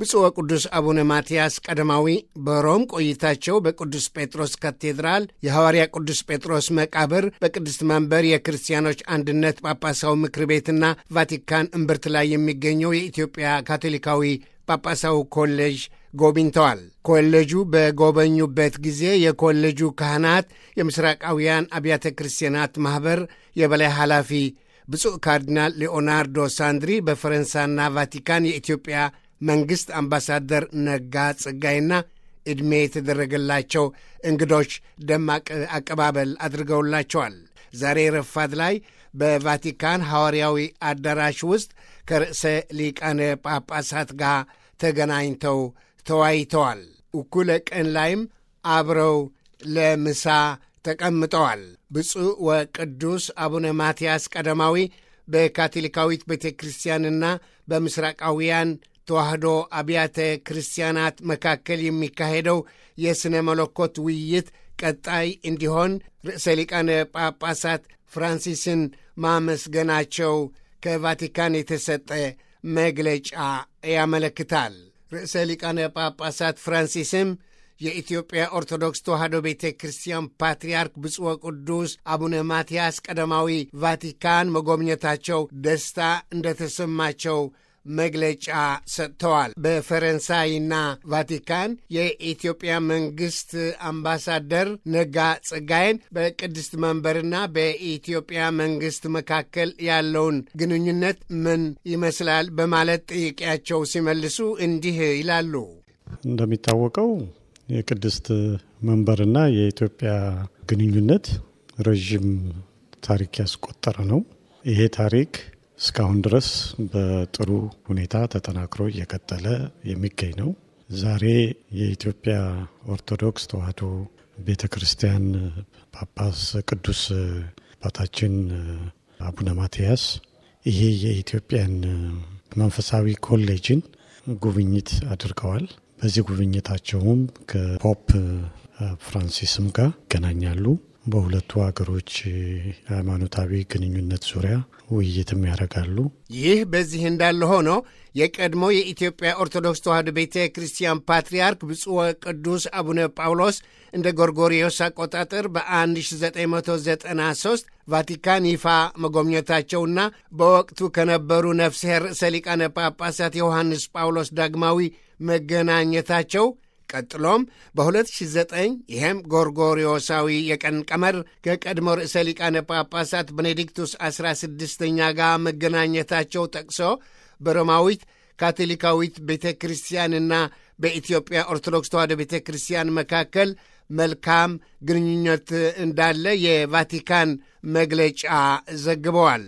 ብፁዕ ወቅዱስ አቡነ ማትያስ ቀደማዊ በሮም ቆይታቸው በቅዱስ ጴጥሮስ ካቴድራል የሐዋርያ ቅዱስ ጴጥሮስ መቃብር በቅድስት መንበር የክርስቲያኖች አንድነት ጳጳሳዊ ምክር ቤትና ቫቲካን እምብርት ላይ የሚገኘው የኢትዮጵያ ካቶሊካዊ ጳጳሳዊ ኮሌጅ ጎብኝተዋል። ኮሌጁ በጎበኙበት ጊዜ የኮሌጁ ካህናት፣ የምስራቃውያን አብያተ ክርስቲያናት ማኅበር የበላይ ኃላፊ ብፁዕ ካርዲናል ሊኦናርዶ ሳንድሪ በፈረንሳና ቫቲካን የኢትዮጵያ መንግሥት አምባሳደር ነጋ ጽጋይና ዕድሜ የተደረገላቸው እንግዶች ደማቅ አቀባበል አድርገውላቸዋል። ዛሬ ረፋት ላይ በቫቲካን ሐዋርያዊ አዳራሽ ውስጥ ከርዕሰ ሊቃነ ጳጳሳት ጋር ተገናኝተው ተወያይተዋል። እኩለ ቀን ላይም አብረው ለምሳ ተቀምጠዋል። ብፁዕ ወቅዱስ አቡነ ማትያስ ቀዳማዊ በካቶሊካዊት ቤተ ክርስቲያንና በምስራቃውያን ተዋህዶ አብያተ ክርስቲያናት መካከል የሚካሄደው የሥነ መለኮት ውይይት ቀጣይ እንዲሆን ርዕሰ ሊቃነ ጳጳሳት ፍራንሲስን ማመስገናቸው ከቫቲካን የተሰጠ መግለጫ ያመለክታል። ርዕሰ ሊቃነ ጳጳሳት ፍራንሲስም የኢትዮጵያ ኦርቶዶክስ ተዋህዶ ቤተ ክርስቲያን ፓትርያርክ ብፁዕ ቅዱስ አቡነ ማትያስ ቀደማዊ ቫቲካን መጎብኘታቸው ደስታ እንደተሰማቸው መግለጫ ሰጥተዋል። በፈረንሳይና ቫቲካን የኢትዮጵያ መንግስት አምባሳደር ነጋ ጸጋዬን በቅድስት መንበርና በኢትዮጵያ መንግስት መካከል ያለውን ግንኙነት ምን ይመስላል በማለት ጥያቄያቸው ሲመልሱ እንዲህ ይላሉ። እንደሚታወቀው የቅድስት መንበርና የኢትዮጵያ ግንኙነት ረዥም ታሪክ ያስቆጠረ ነው። ይሄ ታሪክ እስካሁን ድረስ በጥሩ ሁኔታ ተጠናክሮ እየቀጠለ የሚገኝ ነው። ዛሬ የኢትዮጵያ ኦርቶዶክስ ተዋሕዶ ቤተ ክርስቲያን ጳጳስ ቅዱስ አባታችን አቡነ ማትያስ ይሄ የኢትዮጵያን መንፈሳዊ ኮሌጅን ጉብኝት አድርገዋል። በዚህ ጉብኝታቸውም ከፖፕ ፍራንሲስም ጋር ይገናኛሉ። በሁለቱ ሀገሮች ሃይማኖታዊ ግንኙነት ዙሪያ ውይይትም ያደርጋሉ። ይህ በዚህ እንዳለ ሆኖ የቀድሞ የኢትዮጵያ ኦርቶዶክስ ተዋሕዶ ቤተ ክርስቲያን ፓትርያርክ ብፁዕ ቅዱስ አቡነ ጳውሎስ እንደ ጎርጎሪዮስ አቆጣጠር በ1993 ቫቲካን ይፋ መጎብኘታቸውና በወቅቱ ከነበሩ ነፍስሔር ሰሊቃነ ሊቃነ ጳጳሳት ዮሐንስ ጳውሎስ ዳግማዊ መገናኘታቸው ቀጥሎም በ2009 ይህም ጎርጎሪዮሳዊ የቀን ቀመር ከቀድሞ ርዕሰ ሊቃነ ጳጳሳት ቤኔዲክቱስ 16ኛ ጋር መገናኘታቸው ጠቅሶ በሮማዊት ካቶሊካዊት ቤተ ክርስቲያንና በኢትዮጵያ ኦርቶዶክስ ተዋሕዶ ቤተ ክርስቲያን መካከል መልካም ግንኙነት እንዳለ የቫቲካን መግለጫ ዘግበዋል።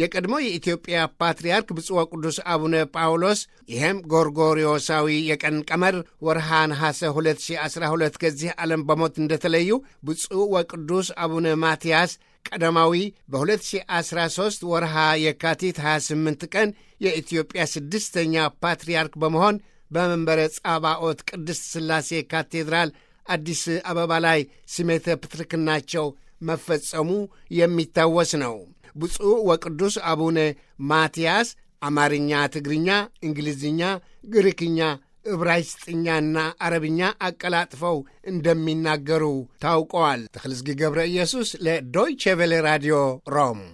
የቀድሞ የኢትዮጵያ ፓትርያርክ ብፁዕ ወቅዱስ አቡነ ጳውሎስ ይህም ጎርጎሪዮሳዊ የቀን ቀመር ወርሃ ነሐሴ 2012 ከዚህ ዓለም በሞት እንደተለዩ ብፁዕ ወቅዱስ አቡነ ማትያስ ቀደማዊ በ2013 ወርሃ የካቲት 28 ቀን የኢትዮጵያ ስድስተኛ ፓትርያርክ በመሆን በመንበረ ጻባኦት ቅድስት ሥላሴ ካቴድራል አዲስ አበባ ላይ ስሜተ ፕትርክናቸው መፈጸሙ የሚታወስ ነው። ብፁዕ ወቅዱስ አቡነ ማትያስ አማርኛ፣ ትግርኛ፣ እንግሊዝኛ፣ ግሪክኛ፣ ዕብራይስጥኛና አረብኛ አቀላጥፈው እንደሚናገሩ ታውቀዋል። ተክልዝጊ ገብረ ኢየሱስ ለዶይቼ ቬለ ራዲዮ ሮም